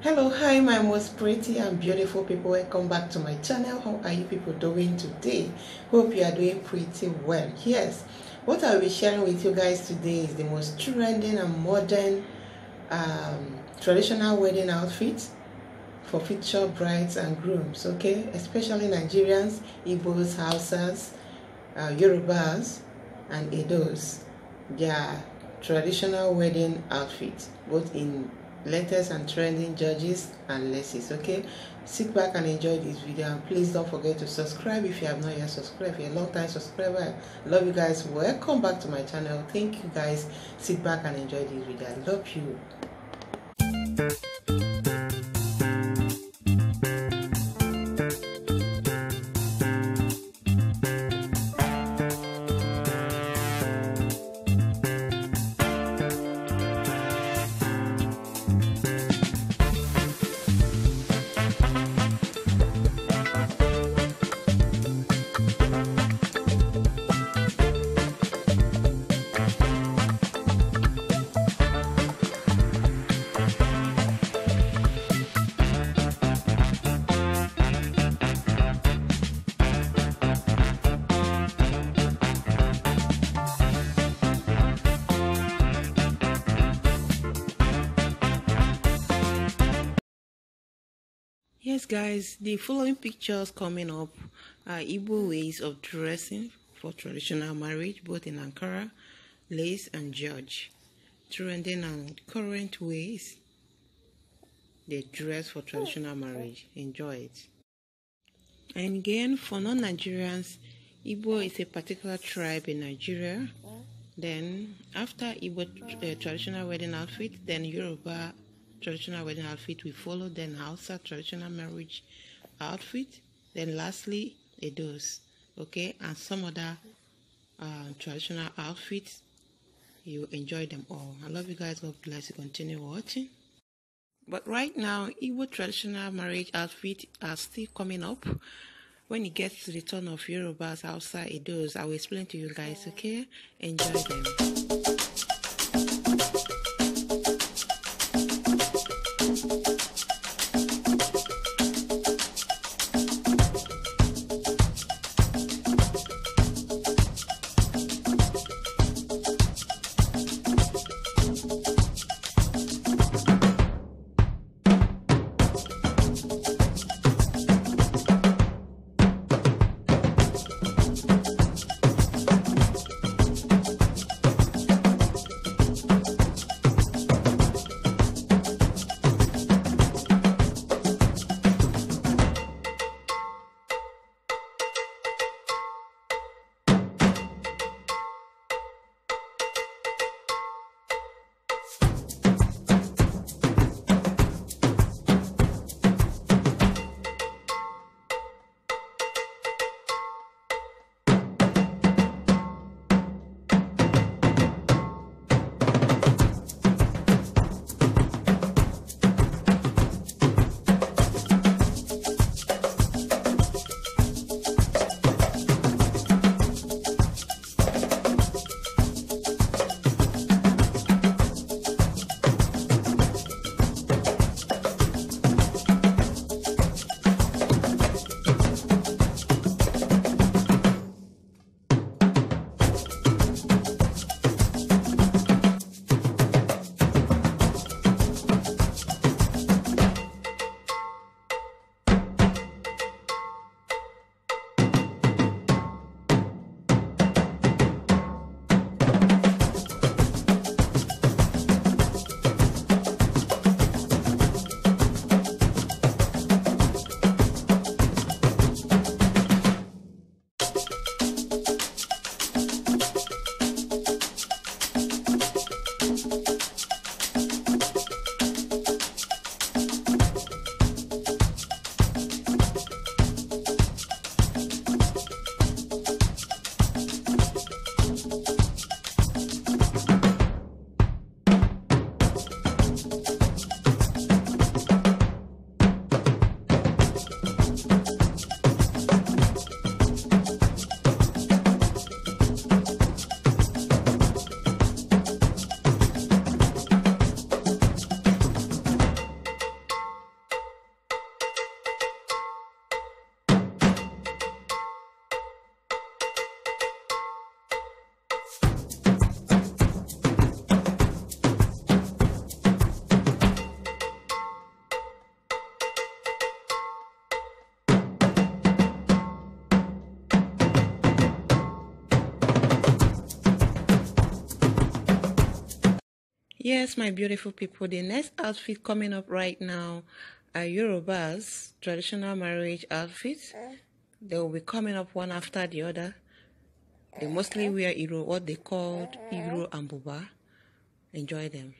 hello hi my most pretty and beautiful people welcome back to my channel how are you people doing today hope you are doing pretty well yes what i'll be sharing with you guys today is the most trending and modern um, traditional wedding outfits for future brides and grooms, okay? Especially Nigerians, Igbos, Hausas, uh, Yorubas, and Edos. Their traditional wedding outfits, both in latest and trending judges and laces okay sit back and enjoy this video and please don't forget to subscribe if you have not yet subscribed if you're a long time subscriber love you guys welcome back to my channel thank you guys sit back and enjoy this video i love you Yes, guys, the following pictures coming up are Igbo ways of dressing for traditional marriage, both in Ankara, Lace, and George. Trending and current ways they dress for traditional marriage. Enjoy it. And again, for non Nigerians, Igbo is a particular tribe in Nigeria. Then, after Igbo uh, traditional wedding outfit, then Yoruba traditional wedding outfit We follow, then Hausa traditional marriage outfit, then lastly Edo's, okay, and some other uh, traditional outfits. You enjoy them all. I love you guys. God bless you. Continue watching. But right now, Igbo traditional marriage outfits are still coming up. When it gets to the turn of Yorubas, Hausa, Edo's, I will explain to you guys, okay? Enjoy them. Yes, my beautiful people, the next outfit coming up right now are Yoruba's traditional marriage outfits. They will be coming up one after the other. They mostly wear Iro, what they called Iro and Buba. Enjoy them.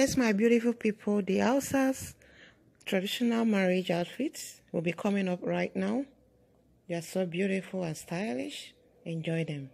Yes, my beautiful people, the Alsa's traditional marriage outfits will be coming up right now. They are so beautiful and stylish. Enjoy them.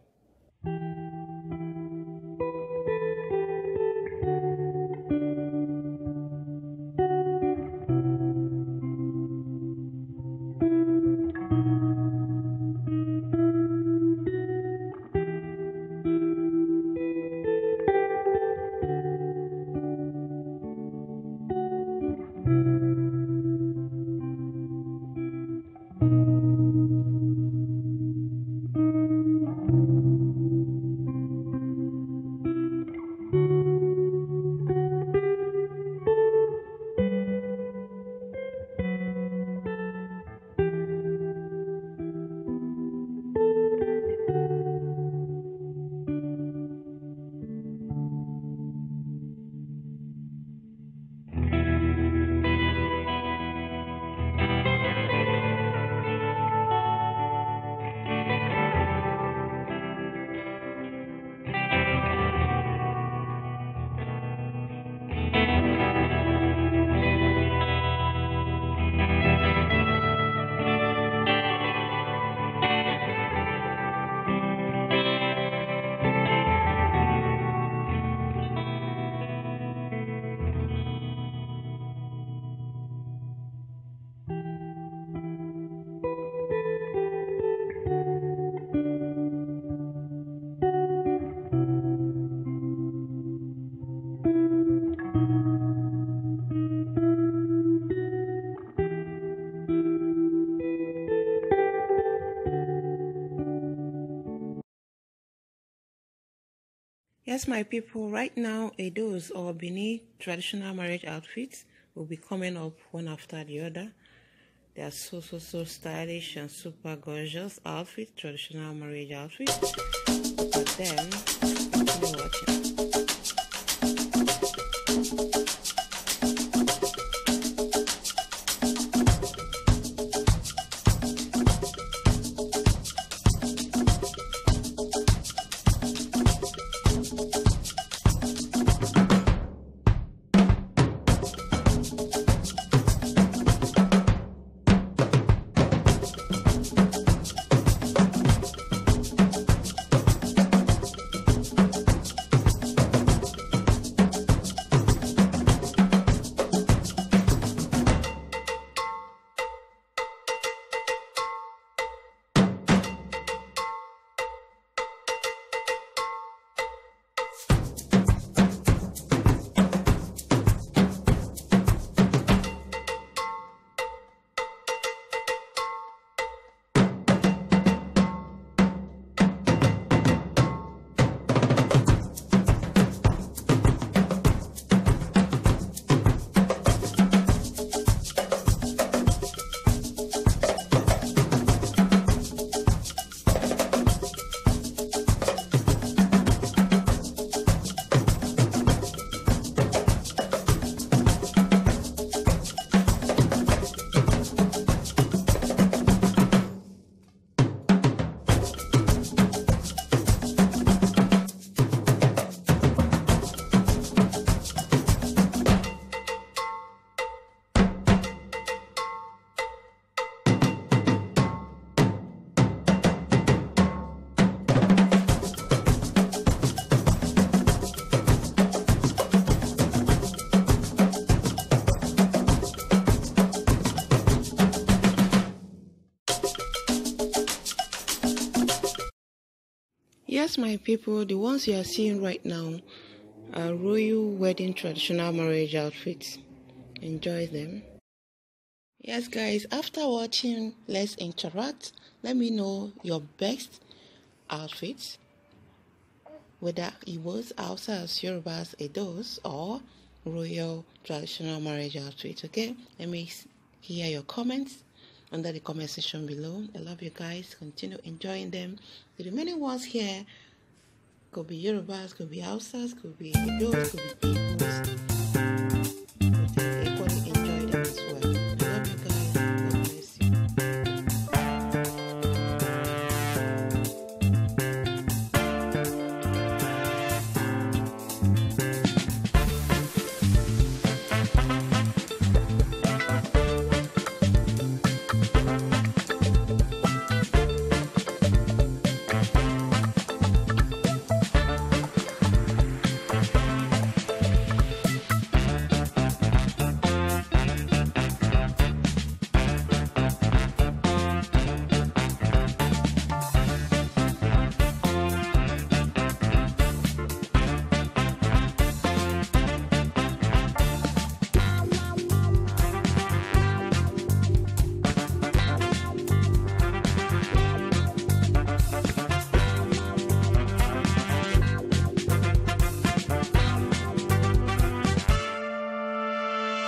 Yes, my people, right now, Edo's or Bini traditional marriage outfits will be coming up one after the other. They are so, so, so stylish and super gorgeous outfits, traditional marriage outfits. But then, my people, the ones you are seeing right now are royal wedding traditional marriage outfits. Enjoy them. Yes, guys, after watching Let's Interact, let me know your best outfits, whether it was Hausas, Yorubas, Edos, or royal traditional marriage outfits. Okay, let me hear your comments under the comment section below. I love you guys. Continue enjoying them. The remaining ones here could be Yorubas, could be outsiders, could be Igbos, could be peoples.